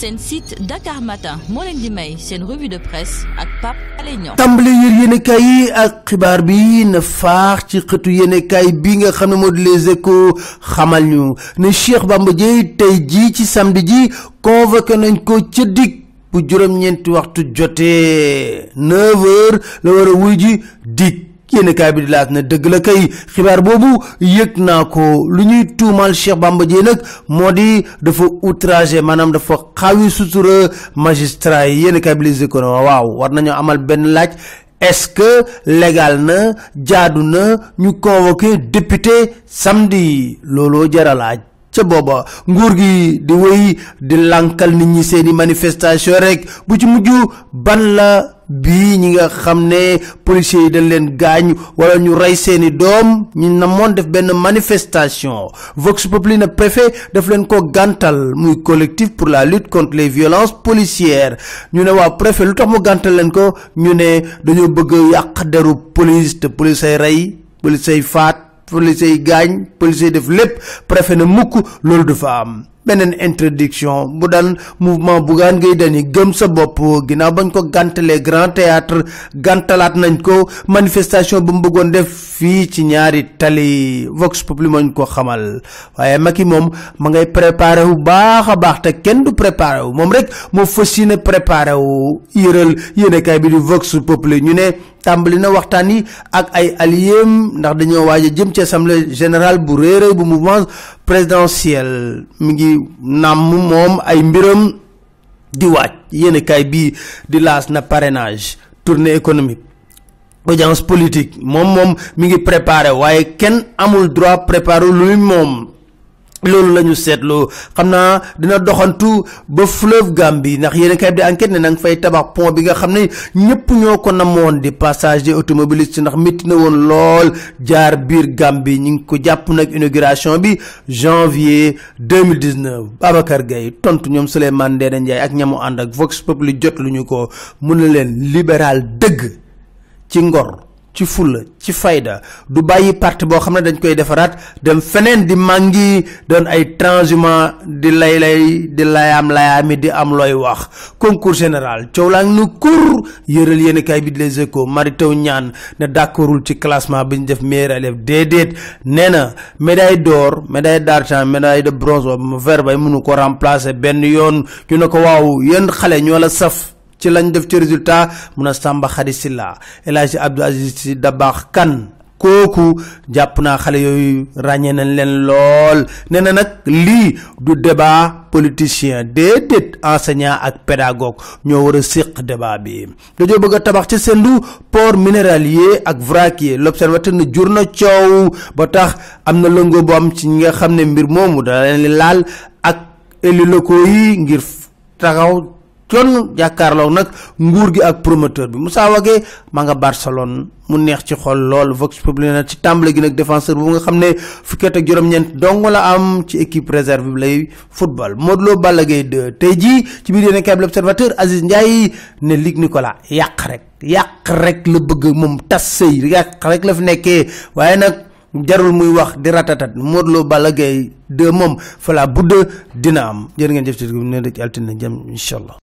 seen site Dakar Matin moo leen di may seen revue de presse ak Pape Alé Niang tàmbale yër yéenekaay yi ak xibaar bi na faax ci xëtu yéenekaay bi nga xam ne moo di ko xamal ñu ne Cheikh Bamba Dièye tey jii ci samedi ji convoqué nañ ko ca DIC bu juróom-ñeenti waxtu jotee 9h la war wuy ji DIC yéen kaay bi di laaj na dëgg la kay xibaar boobu yëg naa ko lu ñuy tuumaal Cheikh Bamba Dièye nag moo di dafa outragé maanaam dafa xaawi sutura magistrat yi yéen kaay bi les économes waaw war nañoo amal benn laaj est-ce que légal na jaadu na ñu convoqué député samedi looloo jar a ca booba nguur gi di wéy di lànkal nit ñi seeni manifestation rek bu ci mujj ban la bii ñi nga xam ne policiers yi dañ leen gaañ wala ñu rey seeni doom ñu namoon def benn manifestation Vox Populi na préfet daf leen ko gàntal muy collectif pour la lutte contre les violences policières ñu ne waa préfet lu tax mu gàntal leen ko ñu ne dañoo bëgg yàq deru police te police rey police ay faat police say gaañ police def lépp préfet na mukk loolu du fa am beneen introduction bu daan mouvement Bougane ngay Dany gëm sa bopp ginnaaw bañ ko gàntalee grand théâtre gantalaat nañ ko manifestation ba mu bëggoon def fii ci ñaari tali Vox Populi moo ñu ko xamal waaye yi moom ma ngay préparé wu baax a baax te kenn du préparé wu moom rek moo fas ne préparé wu yëral yéenekaay bi di Vox Populi ñu ne tàmbali na waxtaan yi ak ay alliés ndax dañoo waaj a jëm ci assemblée général bu réeréy bu mouvement présidentiel mi nàmm moom ay mbiram di waaj yéen kaay bii di laas na parrainage tournée économique audience politique moom moom mi ngi préparer waaye kenn amul droit préparé luy moom loolu la ñu seetloo xam naa dina doxantu ba fleuve Gambie ndax yéen kay di enquête ne na fay tabax pont bi nga xam ne ñëpp ñoo ko namoon di passage des automobilistes ndax métti na woon lool jaar biir Gambie ñu ngi ko jàpp nag inauguration bi janvier 2019 Babacar Gaye tontu ñoom Souleymane Ndéné Ndiaye ak ñamu ànd ak Vox Populi jot lu ñu ko mun na leen libéral dëgg ci ngor ci fulla ci fayda du bàyyi parti boo xam ne dañ koy defaraat dem feneen di ngi doon ay transhumant di lay lay di layaam layaami di am looy wax concours général coow laa ngi nu kur yëral yéen kay bi di les échos mari ñaan ne d'accordul ci classement bi ñu def meilleur élève déedéet nee na médaille d'or médaille d'argent médaille de bronze wa vert bay mënu ko remplacer benn yoon ñu ne ko waaw yéen xale ñoo la saf ci lañ def ci résultat mun a Samba Xadi Silla El Hadji Abdou Aziz Sy Dabakh Kane kooku jàpp naa xale yooyu ràññee nañ leen lool nee na nag lii du débat politicien déedéet enseignant ak pédagogue ñoo war a séq débat bi dañoo bëgg a tabax ci seen sendu port yee ak vraquier l'observateur na jur na coow ba tax am na lëngoo bu am ci ñi nga xam ne mbir moomu da leen laal ak élus locaux yi ngir taxaw kon jàkkaarloo nag nguur gi ak promoteur bi Moussa Wagué ma nga Barcelone mu neex ci xol lool Vox Populi na ci tàmbale gi nag défenseur bu nga xam ne fukki at ak juróom-ñeent dong la am ci équipe réserve bi lay football Modou Lo Balla Gaye tey jii ci biir yéen kay bi l'Observateur Aziz Ndiaye ne Ligue Nicolas yàq rek yàq rek la bëgg moom tas sëy yàq rek la fi nekkee waaye nag jarul muy wax di ratatat Modou Lo Balla Gaye 2 moom fala budd dina am jërë ngeen jëf ci ne ci altine jëm incha allah